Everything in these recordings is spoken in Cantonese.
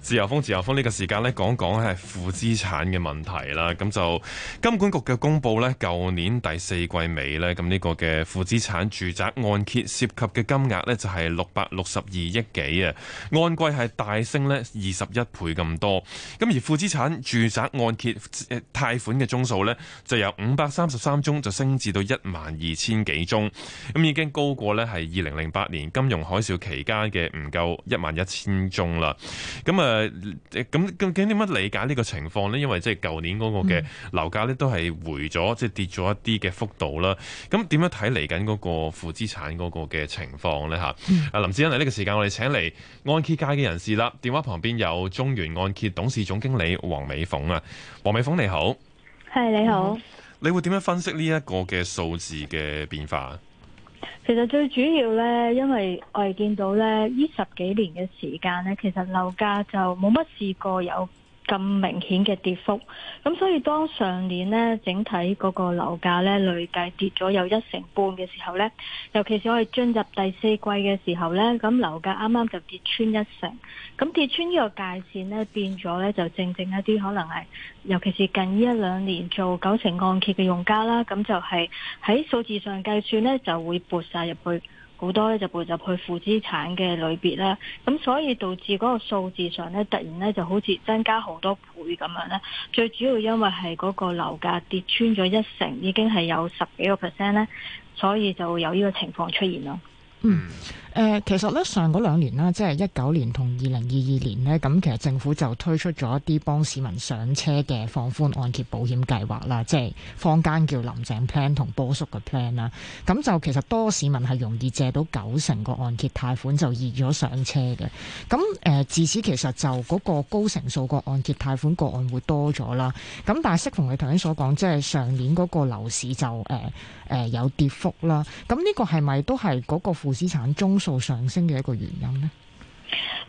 自由風，自由風，呢、這個時間呢，講講係負資產嘅問題啦。咁就金管局嘅公佈呢，舊年第四季尾呢，咁、這、呢個嘅負資產住宅按揭涉及嘅金額呢，就係六百六十二億幾啊，按季係大升呢，二十一倍咁多。咁而負資產住宅按揭貸、呃、款嘅宗數呢，就由五百三十三宗就升至到一萬二千幾宗，咁已經高過呢，係二零零八年金融海嘯期間嘅唔夠一萬一千宗啦。咁啊～誒，咁究竟點樣理解呢個情況咧？因為即係舊年嗰個嘅樓價咧都係回咗，即係跌咗一啲嘅幅度啦。咁點樣睇嚟緊嗰個負資產嗰個嘅情況呢？吓、啊，阿林志恩嚟呢個時間，我哋請嚟按揭界嘅人士啦。電話旁邊有中原按揭董事總經理王美鳳啊，王美鳳你好，係你好，你會點樣分析呢一個嘅數字嘅變化？其實最主要咧，因為我哋見到咧，呢十幾年嘅時間咧，其實樓價就冇乜試過有咁明顯嘅跌幅，咁所以當上年呢，整體嗰個樓價呢，累計跌咗有一成半嘅時候呢，尤其是我哋進入第四季嘅時候呢，咁樓價啱啱就跌穿一成，咁跌穿呢個界線呢，變咗呢，就正正一啲可能係，尤其是近呢一兩年做九成按揭嘅用家啦，咁就係喺數字上計算呢，就會撥晒入去。好多咧就步入去負資產嘅類別啦，咁所以導致嗰個數字上咧突然咧就好似增加好多倍咁樣咧。最主要因為係嗰個樓價跌穿咗一成，已經係有十幾個 percent 咧，所以就有呢個情況出現咯。嗯。誒、呃，其實咧上嗰兩年啦，即係一九年同二零二二年呢，咁其實政府就推出咗一啲幫市民上車嘅放寬按揭保險計劃啦，即係坊間叫林鄭 plan 同波叔嘅 plan 啦。咁就其實多市民係容易借到九成個按揭貸款就易咗上車嘅。咁誒、呃，自此其實就嗰個高成數個按揭貸款個案會多咗啦。咁但係，適逢你頭先所講，即係上年嗰個樓市就誒誒、呃呃、有跌幅啦。咁呢個係咪都係嗰個負資產中？數上升嘅一個原因呢，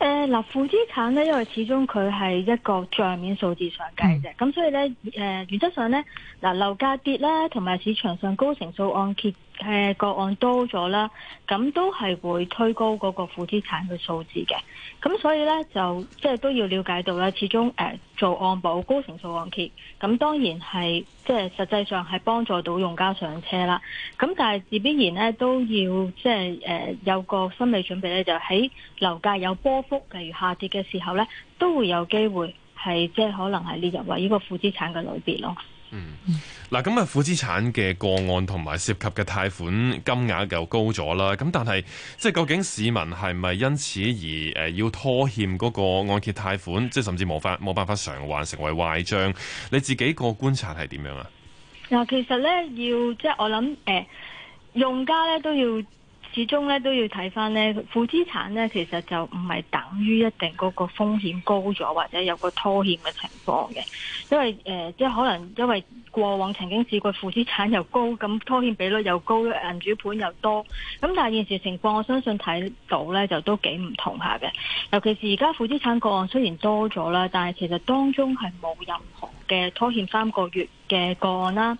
誒、呃，負資產咧，因為始終佢係一個賬面數字上計嘅，咁是所以咧，誒、呃，原則上咧，嗱、呃，樓價跌啦，同埋市場上高成數按揭。誒個案多咗啦，咁都係會推高嗰個負資產嘅數字嘅，咁所以呢，就即係、就是、都要了解到啦，始終誒、呃、做按保高成數按揭，咁當然係即係實際上係幫助到用家上車啦，咁但係自必然呢，都要即係誒有個心理準備呢，就喺、是、樓價有波幅例如下跌嘅時候呢，都會有機會係即係可能係列入為呢個負資產嘅類別咯。嗯，嗱，咁啊，負資產嘅個案同埋涉及嘅貸款金額又高咗啦，咁但係即係究竟市民係咪因此而、呃、要拖欠嗰個按揭貸款，即係甚至冇法冇辦法償還成為壞帳？你自己個觀察係點樣啊？嗱，其實咧要即係我諗誒、呃，用家咧都要。始終咧都要睇返咧負資產咧，其實就唔係等於一定嗰個風險高咗，或者有個拖欠嘅情況嘅。因為誒、呃，即係可能因為過往曾經試過負資產又高，咁拖欠比率又高，銀主盤又多。咁但係現時情況，我相信睇到咧就都幾唔同下嘅。尤其是而家負資產個案雖然多咗啦，但係其實當中係冇任何嘅拖欠三個月嘅個案啦，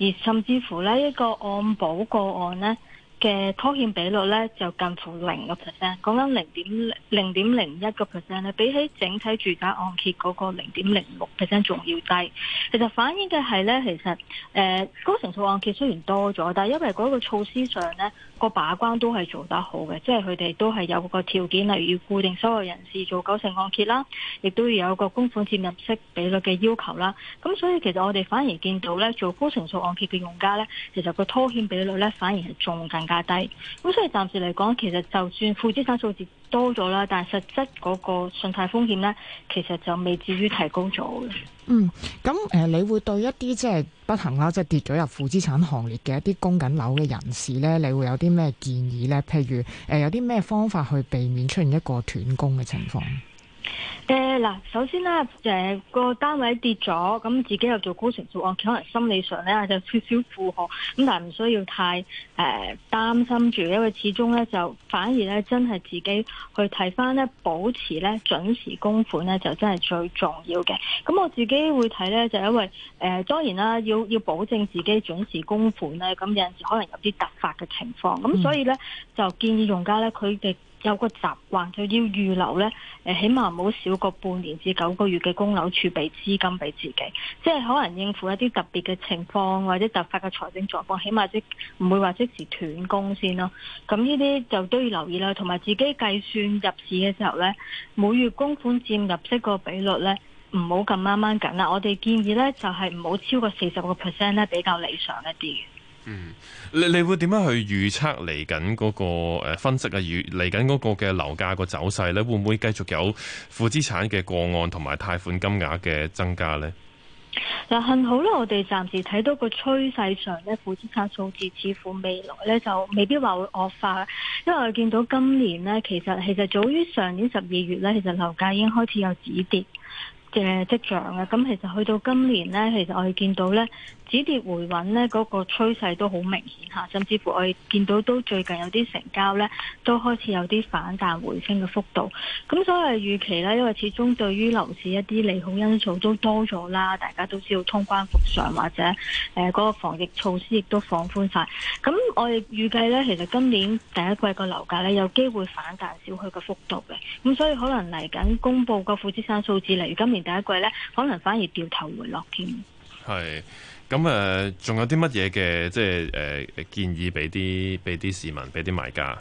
而甚至乎呢，一個按保個案呢，嘅拖欠比率咧就近乎零個 percent，講緊零點零點零一個 percent 咧，比起整體住宅按揭嗰個零點零六 percent 仲要低。其實反映嘅係咧，其實誒、呃、高成數按揭雖然多咗，但係因為嗰個措施上咧、嗰個把關都係做得好嘅，即係佢哋都係有個條件，例如固定收入人士做九成按揭啦，亦都要有個供款佔入息比率嘅要求啦。咁所以其實我哋反而見到咧，做高成數按揭嘅用家咧，其實個拖欠比率咧反而係仲更加低，咁所以暫時嚟講，其實就算負資產數字多咗啦，但實質嗰個信貸風險咧，其實就未至於提高咗嘅。嗯，咁誒，你會對一啲即係不幸啦，即係跌咗入負資產行列嘅一啲供緊樓嘅人士咧，你會有啲咩建議咧？譬如誒，有啲咩方法去避免出現一個斷供嘅情況？誒嗱、呃，首先咧，誒、呃、個單位跌咗，咁自己又做高成數，案。可能心理上咧就少少負荷，咁但係唔需要太誒擔、呃、心住，因為始終咧就反而咧真係自己去睇翻咧，保持咧準時供款咧就真係最重要嘅。咁我自己會睇咧，就因為誒、呃、當然啦，要要保證自己準時供款咧，咁有陣時可能有啲突發嘅情況，咁所以咧、嗯、就建議用家咧佢哋。有個習慣就要預留呢，誒，起碼唔好少過半年至九個月嘅供樓儲備資金俾自己，即係可能應付一啲特別嘅情況或者突發嘅財政狀況，起碼即唔會話即時斷供先咯。咁呢啲就都要留意啦，同埋自己計算入市嘅時候呢，每月供款佔入息個比率呢，唔好咁啱啱緊啦。我哋建議呢，就係唔好超過四十個 percent 呢，比較理想一啲。嗯，你你會點樣去預測嚟緊嗰個，誒，分析嘅預嚟緊嗰個嘅樓價個走勢咧？會唔會繼續有負資產嘅個案同埋貸款金額嘅增加咧？嗱，幸好咧，我哋暫時睇到個趨勢上咧，負資產數字似乎未來咧就未必話會惡化，因為我哋見到今年呢，其實其實早於上年十二月咧，其實樓價已經開始有止跌嘅跡象啊。咁其實去到今年呢，其實我哋見到咧。止跌回穩呢嗰個趨勢都好明顯吓，甚至乎我哋見到都最近有啲成交呢，都開始有啲反彈回升嘅幅度。咁所以預期呢，因為始終對於樓市一啲利好因素都多咗啦，大家都知道通關復常或者誒嗰個防疫措施亦都放寬晒。咁我哋預計呢，其實今年第一季個樓價呢，有機會反彈少許嘅幅度嘅。咁所以可能嚟緊公布個負資產數字，例如今年第一季呢，可能反而掉頭回落添。係。咁誒，仲有啲乜嘢嘅，即係誒建議俾啲俾啲市民，俾啲賣家？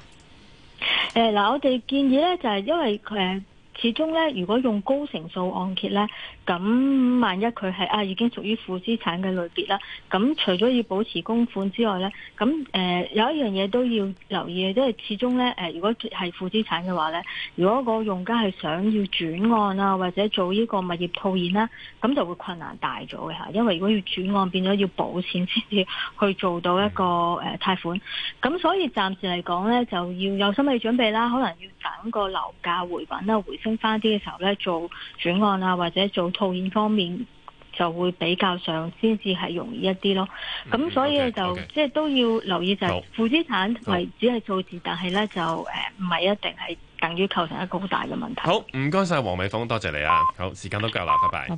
誒嗱，我哋建議咧，就係因為佢，始終咧，如果用高成數按揭咧，咁萬一佢係啊已經屬於負資產嘅類別啦，咁除咗要保持供款之外咧，咁誒、呃、有一樣嘢都要留意嘅，即係始終咧、呃、如果係負資產嘅話咧，如果個用家係想要轉按啊，或者做呢個物業套現啦，咁就會困難大咗嘅嚇，因為如果要轉按變咗要補錢先至去做到一個誒、呃、貸款，咁所以暫時嚟講咧就要有心理準備啦，可能要等個樓價回穩啦、回升。翻啲嘅時候咧，做轉按啊，或者做套現方面就會比較上先至係容易一啲咯。咁、嗯、所以就 okay, okay. 即係都要留意就係負資產係只係數字，好但係咧就誒唔係一定係等於構成一個好大嘅問題。好，唔該晒王美鳳，多謝你啊。好，時間都夠啦，拜拜。